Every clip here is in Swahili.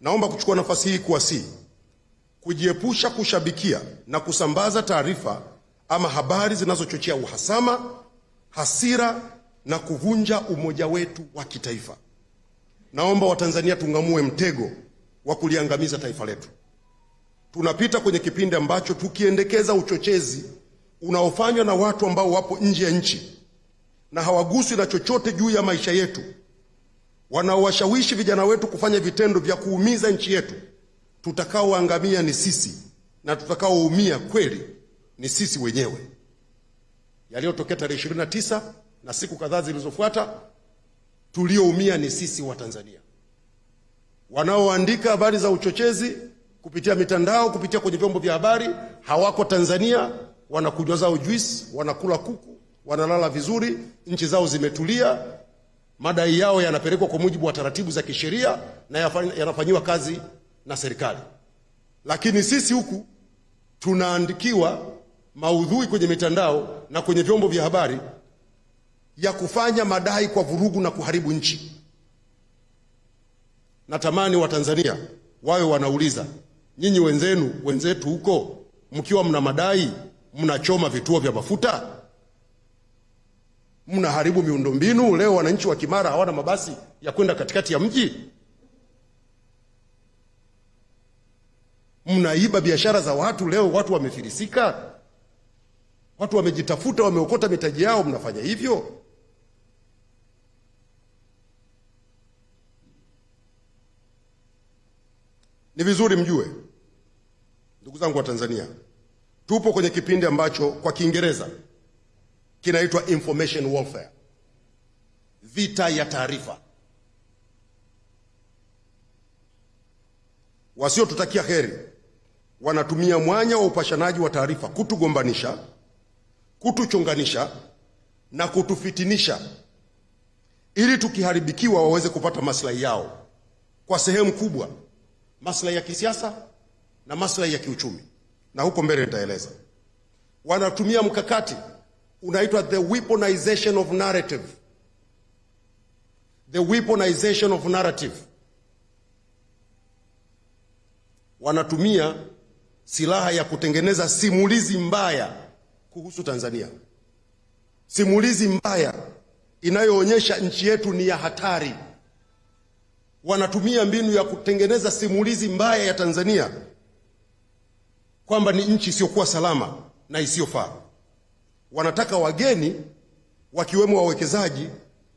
Naomba kuchukua nafasi hii kuwasihi kujiepusha kushabikia na kusambaza taarifa ama habari zinazochochea uhasama, hasira na kuvunja umoja wetu wa kitaifa. Naomba Watanzania tung'amue mtego wa kuliangamiza taifa letu. Tunapita kwenye kipindi ambacho tukiendekeza uchochezi unaofanywa na watu ambao wapo nje ya nchi na hawaguswi na chochote juu ya maisha yetu wanaowashawishi vijana wetu kufanya vitendo vya kuumiza nchi yetu, tutakaoangamia ni sisi na tutakaoumia kweli ni sisi wenyewe. Yaliyotokea tarehe 29 na siku kadhaa zilizofuata, tulioumia ni sisi Watanzania. Wanaoandika habari za uchochezi kupitia mitandao, kupitia kwenye vyombo vya habari hawako Tanzania, wanakunywa zao juisi, wanakula kuku, wanalala vizuri, nchi zao zimetulia madai yao yanapelekwa kwa mujibu wa taratibu za kisheria na yanafanyiwa kazi na serikali. Lakini sisi huku tunaandikiwa maudhui kwenye mitandao na kwenye vyombo vya habari ya kufanya madai kwa vurugu na kuharibu nchi. Natamani Watanzania wawe wanauliza, nyinyi wenzenu wenzetu huko mkiwa mna madai mnachoma vituo vya mafuta mnaharibu miundombinu. Leo wananchi wa Kimara hawana mabasi ya kwenda katikati ya mji, mnaiba biashara za watu. Leo watu wamefilisika, watu wamejitafuta, wameokota mitaji yao, mnafanya hivyo. Ni vizuri mjue, ndugu zangu wa Tanzania, tupo kwenye kipindi ambacho kwa Kiingereza kinaitwa information warfare, vita ya taarifa. Wasiotutakia heri wanatumia mwanya wa upashanaji wa taarifa kutugombanisha, kutuchonganisha na kutufitinisha ili tukiharibikiwa waweze kupata maslahi yao, kwa sehemu kubwa maslahi ya kisiasa na maslahi ya kiuchumi, na huko mbele nitaeleza. Wanatumia mkakati unaitwa the weaponization of narrative, the weaponization of narrative. Wanatumia silaha ya kutengeneza simulizi mbaya kuhusu Tanzania, simulizi mbaya inayoonyesha nchi yetu ni ya hatari. Wanatumia mbinu ya kutengeneza simulizi mbaya ya Tanzania kwamba ni nchi isiyokuwa salama na isiyofaa wanataka wageni wakiwemo wawekezaji,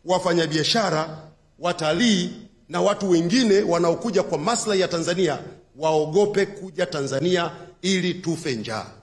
wafanyabiashara, watalii na watu wengine wanaokuja kwa maslahi ya Tanzania waogope kuja Tanzania ili tufe njaa.